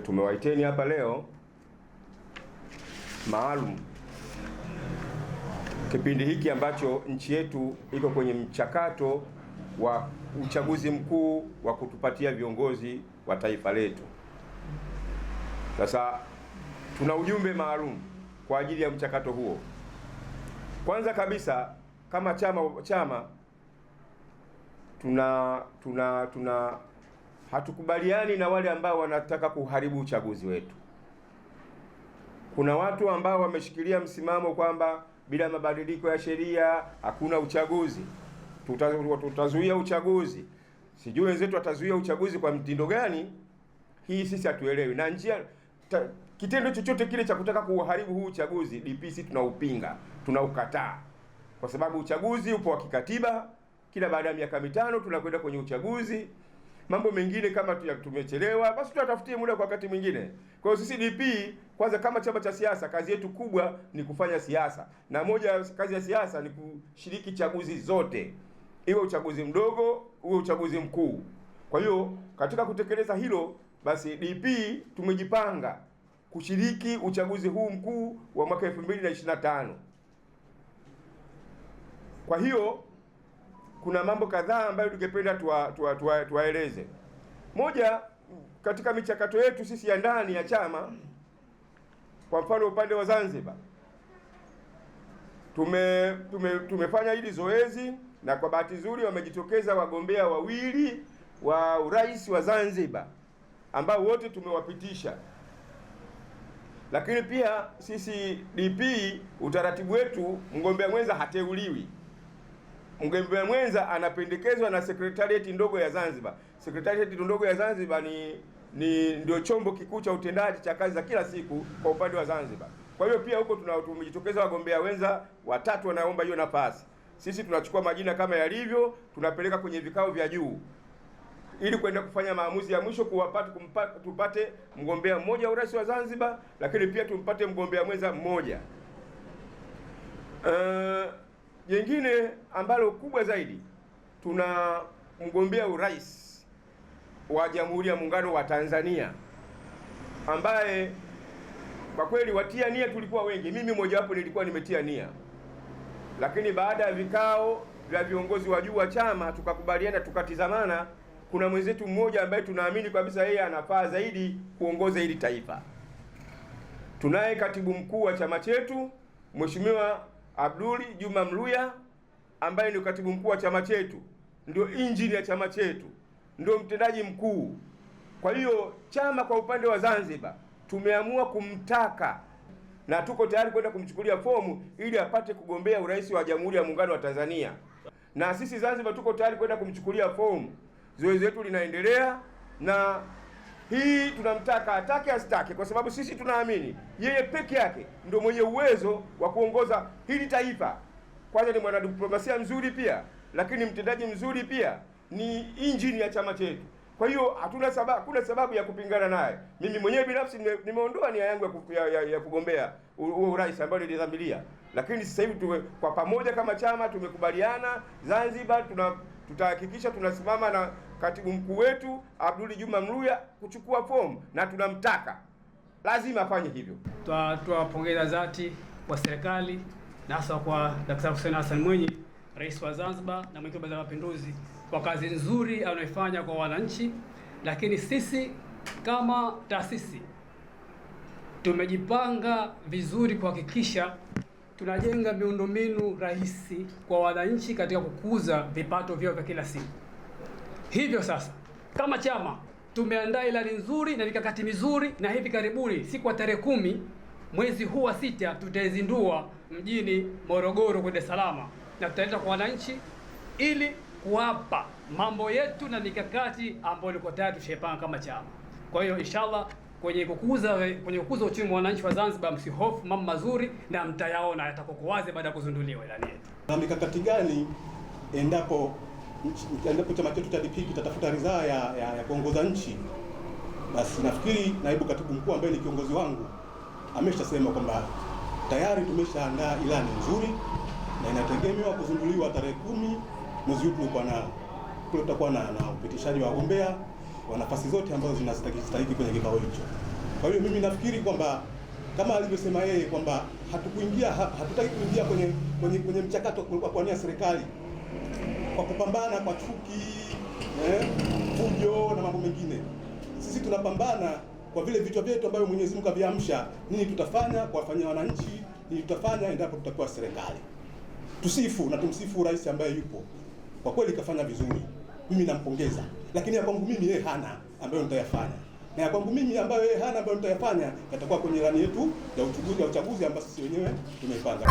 tumewaiteni hapa leo maalum kipindi hiki ambacho nchi yetu iko kwenye mchakato wa uchaguzi mkuu wa kutupatia viongozi wa taifa letu. Sasa tuna ujumbe maalum kwa ajili ya mchakato huo. Kwanza kabisa kama chama chama tuna tuna tuna hatukubaliani na wale ambao wanataka kuharibu uchaguzi wetu. Kuna watu ambao wameshikilia msimamo kwamba bila mabadiliko ya sheria hakuna uchaguzi, tutazuia uchaguzi. Sijui wenzetu watazuia uchaguzi kwa mtindo gani, hii sisi hatuelewi, na njia ta, kitendo chochote kile cha kutaka kuharibu huu uchaguzi DPC tunaupinga, tunaukataa, kwa sababu uchaguzi upo wa kikatiba. Kila baada ya miaka mitano tunakwenda kwenye uchaguzi mambo mengine kama tumechelewa, basi tuatafutie muda kwa wakati mwingine. Kwa hiyo sisi DP kwanza, kama chama cha siasa, kazi yetu kubwa ni kufanya siasa, na moja kazi ya siasa ni kushiriki chaguzi zote, iwe uchaguzi mdogo, uwe uchaguzi mkuu. Kwa hiyo katika kutekeleza hilo, basi DP tumejipanga kushiriki uchaguzi huu mkuu wa mwaka 2025. Kwa hiyo kuna mambo kadhaa ambayo tungependa tuwaeleze tuwa, tuwa, tuwa. Moja, katika michakato yetu sisi ya ndani ya chama, kwa mfano upande wa Zanzibar tume, tume, tumefanya hili zoezi na kwa bahati nzuri wamejitokeza wagombea wawili wa urais wa Zanzibar ambao wote tumewapitisha, lakini pia sisi DP utaratibu wetu mgombea mwenza hateuliwi mgombea mwenza anapendekezwa na sekretarieti ndogo ya Zanzibar. Sekretarieti ndogo ya Zanzibar ni ni ndio chombo kikuu cha utendaji cha kazi za kila siku kwa upande wa Zanzibar. Kwa hiyo pia huko tumejitokeza wagombea wenza watatu wanaomba hiyo nafasi. Sisi tunachukua majina kama yalivyo, tunapeleka kwenye vikao vya juu ili kwenda kufanya maamuzi ya mwisho kuwapata tupate mgombea mmoja wa urais wa Zanzibar, lakini pia tumpate mgombea mwenza mmoja uh, jengine ambalo kubwa zaidi, tuna mgombea urais wa Jamhuri ya Muungano wa Tanzania ambaye kwa kweli watia nia tulikuwa wengi, mimi mojawapo nilikuwa nimetia nia, lakini baada ya vikao vya viongozi wa juu wa chama tukakubaliana, tukatizamana, kuna mwenzetu mmoja ambaye tunaamini kabisa yeye anafaa zaidi kuongoza hili taifa. Tunaye katibu mkuu wa chama chetu Mheshimiwa Abduli Juma Mluya ambaye ndio katibu mkuu wa chama chetu, ndio injini ya chama chetu, ndio mtendaji mkuu. Kwa hiyo chama kwa upande wa Zanzibar tumeamua kumtaka na tuko tayari kwenda kumchukulia fomu ili apate kugombea urais wa Jamhuri ya Muungano wa Tanzania, na sisi Zanzibar tuko tayari kwenda kumchukulia fomu. Zoezi letu linaendelea na hii tunamtaka atake asitake, kwa sababu sisi tunaamini yeye peke yake ndio mwenye uwezo wa kuongoza hili taifa. Kwanza ni mwanadiplomasia mzuri pia, lakini mtendaji mzuri pia, ni injini ya chama chetu. Kwa hiyo hatuna sababu, kuna sababu ya kupingana naye. Mimi mwenyewe binafsi nimeondoa nia yangu ya, ya, ya kugombea huo urais ambayo nilidhamiria, lakini sasa hivi kwa pamoja kama chama tumekubaliana Zanzibar tuna tutahakikisha tunasimama na katibu mkuu wetu Abduli Juma Mluya kuchukua fomu na tunamtaka lazima afanye hivyo. Twawapongeza dhati kwa serikali na hasa kwa Daktari Hussein Hassan Mwinyi, rais wa Zanzibar na mwenyekiti wa Baraza la Mapinduzi kwa kazi nzuri anayoifanya kwa wananchi, lakini sisi kama taasisi tumejipanga vizuri kuhakikisha tunajenga miundombinu rahisi kwa wananchi katika kukuza vipato vyao vya kila siku. Hivyo sasa, kama chama tumeandaa ilani nzuri na mikakati mizuri, na hivi karibuni, siku ya tarehe kumi mwezi huu wa sita, tutaizindua mjini Morogoro kwenda salama, na tutaleta kwa wananchi ili kuwapa mambo yetu na mikakati ambayo ilikuwa tayari tushaipanga kama chama. Kwa hiyo inshallah kwenye kukuza kwenye kukuza uchumi wa wananchi wa Zanzibar, msihofu, mambo mazuri na mtayaona yatakokowaze baada ya kuzinduliwa ilani yetu. Na mikakati gani endapo endapo chama chetu cha DP kitatafuta ridhaa ya, ya, ya kuongoza nchi? Basi nafikiri naibu katibu mkuu ambaye ni kiongozi wangu ameshasema kwamba tayari tumeshaandaa ilani nzuri na inategemewa kuzinduliwa tarehe kumi mwezi huu tulikuwa na kule, tutakuwa na upitishaji wa wagombea kwa nafasi zote ambazo zinastahili kwenye kikao hicho. Kwa hiyo mimi nafikiri kwamba kama alivyosema yeye kwamba hatukuingia hatutaki kuingia kwenye kwenye, kwenye mchakato wa kuania serikali kwa kupambana kwa chuki eh, fujo na mambo mengine. Sisi tunapambana kwa vile vichwa vyetu ambavyo Mwenyezi Mungu kaviamsha, nini tutafanya kuwafanyia wananchi, nini tutafanya endapo tutakuwa serikali. Tusifu na tumsifu rais ambaye yupo kwa kweli kafanya vizuri mimi nampongeza, lakini ya kwangu mimi yeye hana ambayo nitayafanya, na ya kwangu mimi ambayo yeye hana ambayo nitayafanya yatakuwa kwenye ilani yetu ya uchaguzi ya uchaguzi ambayo sisi wenyewe tumeipanga.